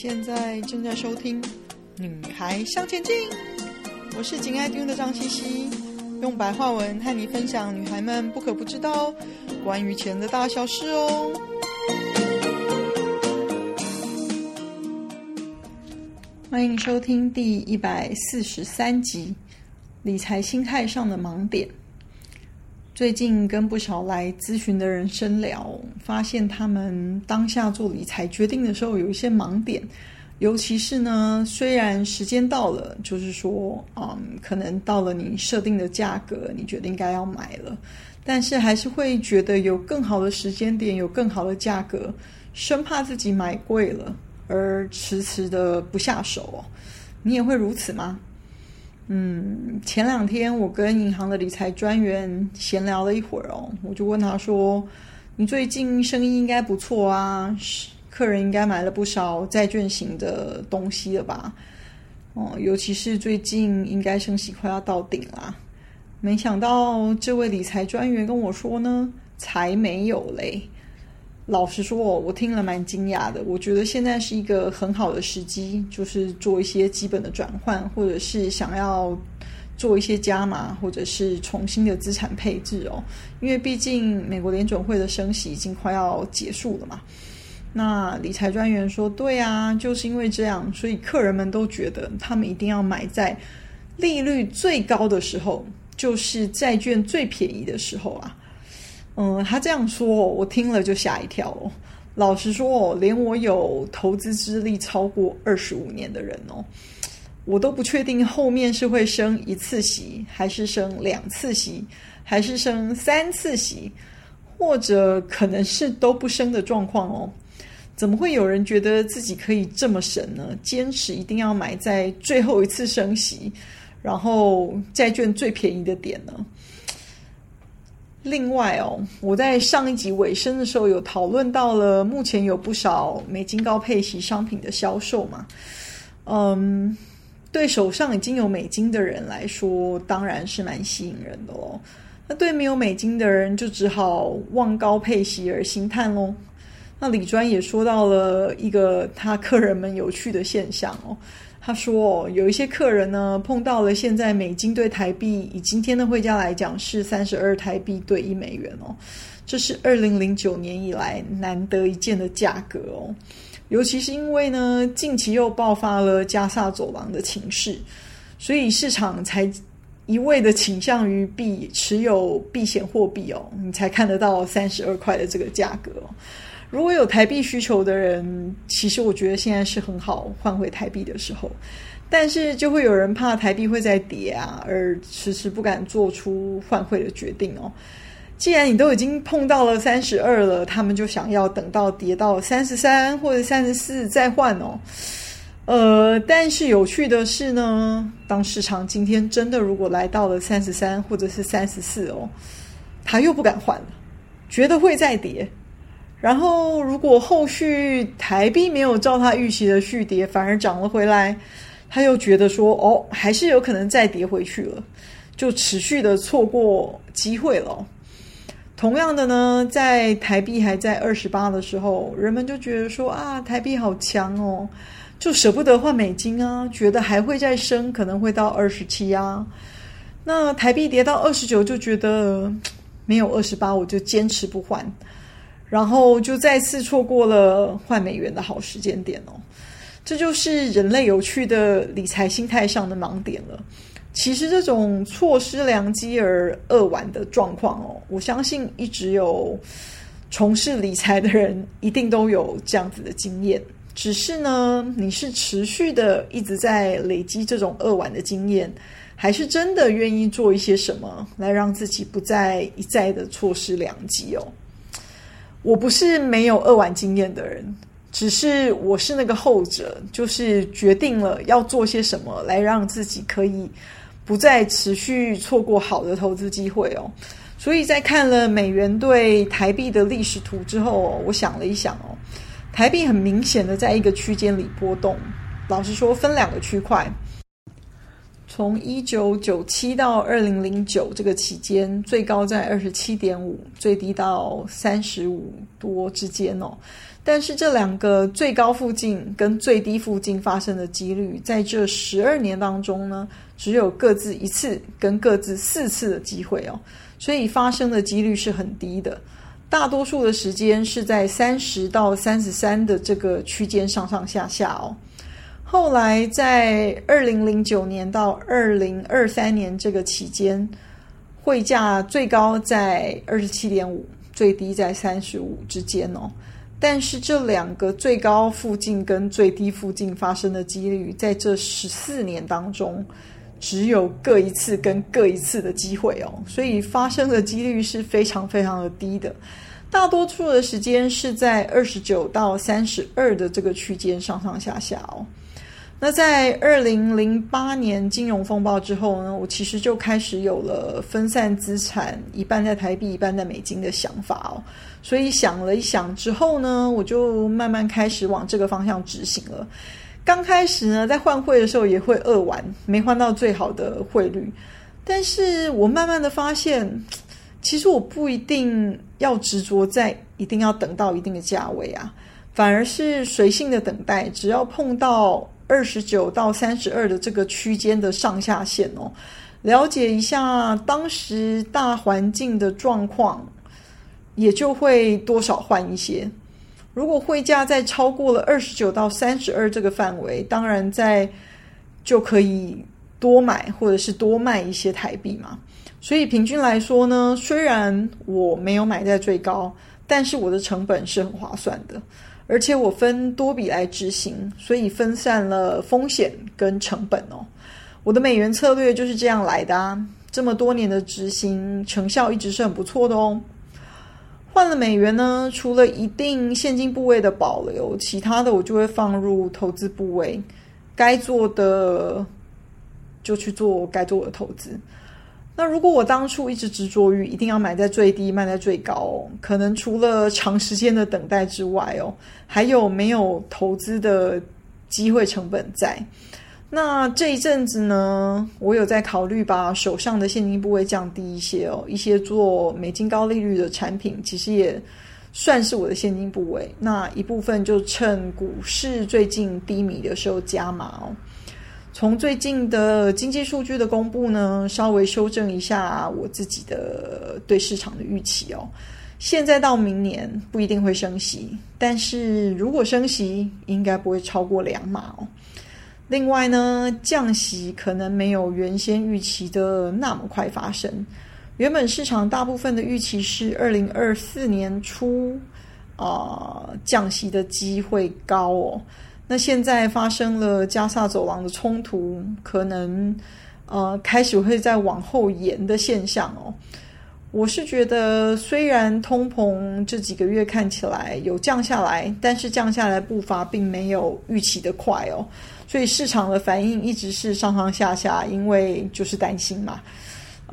現在正在收聽《女孩向前進》，我是錦愛聽的張西西，用白話文和你分享女孩們不可不知道關於錢的大小事哦。歡迎收聽第一百四十三集《理財心態上的盲點》。最近跟不少來諮詢的人深聊，發現他們當下做理財決定的時候有一些盲點，尤其是呢，雖然時間到了，就是說，嗯，可能到了你設定的價格，你覺得應該要買了，但是還是會覺得有更好的時間點，有更好的價格，生怕自己買貴了，而遲遲的不下手哦。你也會如此嗎？嗯，前兩天我跟銀行的理財專員閒聊了一會兒哦，我就問他說：“你最近生意應該不錯啊，客人應該買了不少債券型的東西了吧？”哦，尤其是最近應該升息快要到頂啦。沒想到這位理財專員跟我說呢：“才沒有嘞。”老實說哦，我聽了蠻驚訝的。我覺得現在是一個很好的時機，就是做一些基本的轉換，或者是想要做一些加碼，或者是重新的資產配置哦。因為畢竟美國聯準會的升息已經快要結束了嘛。那理財專員說：“對啊，就是因為這樣，所以客人們都覺得他們一定要買在利率最高的時候，就是債券最便宜的時候啊。”嗯，他這樣說，我聽了就嚇一跳。老實說，連我有投資資歷超過二十五年的人哦，我都不確定後面是會升一次息，還是升兩次息，還是升三次息，或者可能是都不升的狀況哦。怎麼會有人覺得自己可以這麼神呢？堅持一定要買在最後一次升息，然後債券最便宜的點呢？另外哦，我在上一集尾聲的時候有討論到了，目前有不少美金高配息商品的銷售嘛。嗯，對手上已經有美金的人來說，當然是蠻吸引人的咯。那對沒有美金的人，就只好望高配息而興嘆咯。那李專也說到了一個他客人們有趣的現象哦。他說：“有一些客人呢，碰到了現在美金對台幣以今天的匯價來講是三十二台幣兌一美元哦，這是二零零九年以來難得一見的價格哦。尤其是因為呢，近期又爆發了加薩走廊的情勢，所以市場才一味的傾向於避持有避險貨幣哦，你才看得到三十二塊的這個價格哦。”如果有台幣需求的人，其實我覺得現在是很好換回台幣的時候，但是就會有人怕台幣會再跌啊，而遲遲不敢做出換匯的決定哦。既然你都已經碰到了三十二了，他們就想要等到跌到三十三或者三十四再換哦。呃，但是有趣的是呢，當市場今天真的如果來到了三十三或者是三十四哦，他又不敢換了，覺得會再跌。然後，如果後續台幣沒有照他預期的續跌，反而漲了回來，他又覺得說：“哦，還是有可能再跌回去了。”就持續的錯過機會了。同樣的呢，在台幣還在二十八的時候，人們就覺得說：“啊，台幣好強哦，就捨不得換美金啊，覺得還會再升，可能會到二十七啊。”那台幣跌到二十九，就覺得沒有二十八，我就堅持不換。然後就再次錯過了換美元的好時間點哦，這就是人類有趣的理財心態上的盲點了。其實這種錯失良機而扼腕的狀況哦，我相信一直有從事理財的人一定都有這樣子的經驗。只是呢，你是持續的一直在累積這種扼腕的經驗，還是真的願意做一些什麼來讓自己不再一再的錯失良機哦？我不是沒有扼腕經驗的人，只是我是那個後者，就是決定了要做些什麼來讓自己可以不再持續錯過好的投資機會哦。所以在看了美元對台幣的歷史圖之後，我想了一想哦，台幣很明顯的在一個區間裡波動。老實說，分兩個區塊。從一九九七到二零零九這個期間，最高在二十七點五，最低到三十五多之間哦。但是這兩個最高附近跟最低附近發生的幾率，在這十二年當中呢，只有各自一次跟各自四次的機會哦。所以發生的幾率是很低的，大多數的時間是在三十到三十三的這個區間上上下下哦。後來在二零零九年到二零二三年這個期間，匯價最高在二十七點五，最低在三十五之間哦。但是這兩個最高附近跟最低附近發生的幾率，在這十四年當中，只有各一次跟各一次的機會哦。所以發生的幾率是非常非常的低的，大多數的時間是在二十九到三十二的這個區間上上下下哦。那在二零零八年金融風暴之後呢，我其實就開始有了分散資產，一半在台幣，一半在美金的想法哦。所以想了一想之後呢，我就慢慢開始往這個方向執行了。剛開始呢，在換匯的時候也會餓完，沒換到最好的匯率。但是我慢慢的發現，其實我不一定要執着在一定要等到一定的價位啊，反而是隨性的等待，只要碰到。二十九到三十二的這個區間的上下限哦，了解一下當時大環境的狀況，也就會多少換一些。如果匯價再超過了二十九到三十二這個範圍，當然在就可以多買或者是多賣一些台幣嘛。所以平均來說呢，雖然我沒有買在最高，但是我的成本是很划算的。而且我分多筆來執行，所以分散了風險跟成本哦。我的美元策略就是這樣來的啊，這麼多年的執行成效一直是很不錯的哦。換了美元呢，除了一定現金部位的保留，其他的我就會放入投資部位，該做的就去做該做的投資。那如果我當初一直執着於一定要買在最低、賣在最高哦，可能除了長時間的等待之外哦，還有沒有投資的機會成本在？那這一陣子呢，我有在考慮把手上的現金部位降低一些哦，一些做美金高利率的產品，其實也算是我的現金部位。那一部分就趁股市最近低迷的時候加碼哦。從最近的經濟數據的公布呢，稍微修正一下我自己的對市場的預期哦。現在到明年不一定會升息，但是如果升息，應該不會超過兩碼哦。另外呢，降息可能沒有原先預期的那麼快發生。原本市場大部分的預期是二零二四年初啊，呃，降息的機會高哦。那現在發生了加薩走廊的衝突，可能呃開始會再往後延的現象哦。我是覺得，雖然通膨這幾個月看起來有降下來，但是降下來步伐並沒有預期的快哦，所以市場的反應一直是上上下下，因為就是擔心嘛。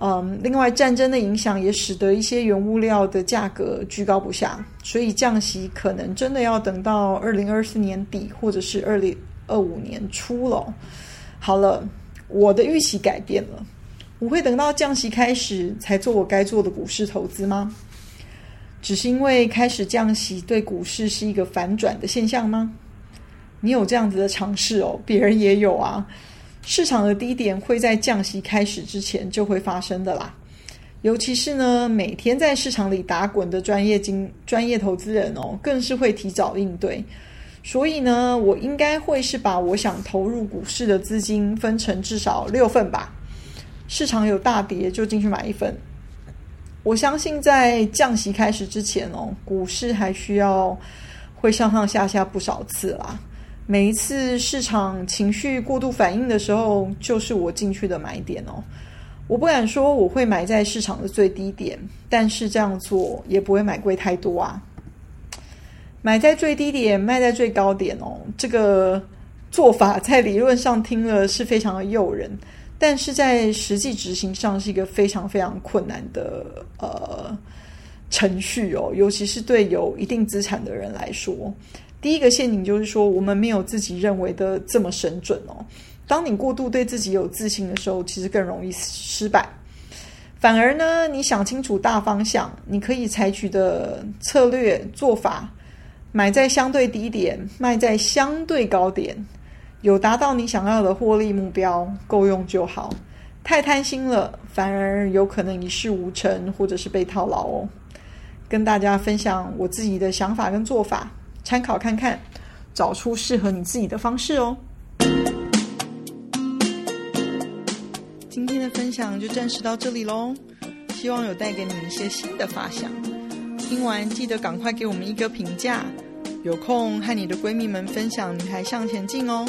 嗯，另外戰爭的影響也使得一些原物料的價格居高不下，所以降息可能真的要等到二零二四年底或者是二零二五年初了哦。好了，我的預期改變了，我會等到降息開始才做我該做的股市投資嗎？只是因為開始降息對股市是一個反轉的現象嗎？你有這樣子的嘗試哦，別人也有啊。市場的低點會在降息開始之前就會發生的啦，尤其是呢，每天在市場裡打滾的專業經專業投資人哦，更是會提早應對。所以呢，我應該會是把我想投入股市的資金分成至少六份吧。市場有大跌就進去買一份。我相信在降息開始之前哦，股市還需要會上上下下不少次啦。每一次市場情緒過度反應的時候，就是我進去的買點哦。我不敢說我會買在市場的最低點，但是這樣做也不會買貴太多啊。買在最低點，賣在最高點哦。這個做法在理論上聽了是非常的誘人，但是在實際執行上是一個非常非常困難的，呃，程序哦，尤其是對有一定資產的人來說。第一個陷阱就是說，我們沒有自己認為的這麼神準哦。當你過度對自己有自信的時候，其實更容易失敗。反而呢，你想清楚大方向，你可以採取的策略做法，買在相對低點，賣在相對高點，有達到你想要的獲利目標，夠用就好。太貪心了，反而有可能一事無成，或者是被套牢哦。跟大家分享我自己的想法跟做法。參考看看，找出適合你自己的方式哦。今天的分享就暫時到這裡嘍，希望有帶給你一些新的發想。聽完記得趕快給我們一個評價，有空和你的閨蜜們分享《女孩向錢進》哦。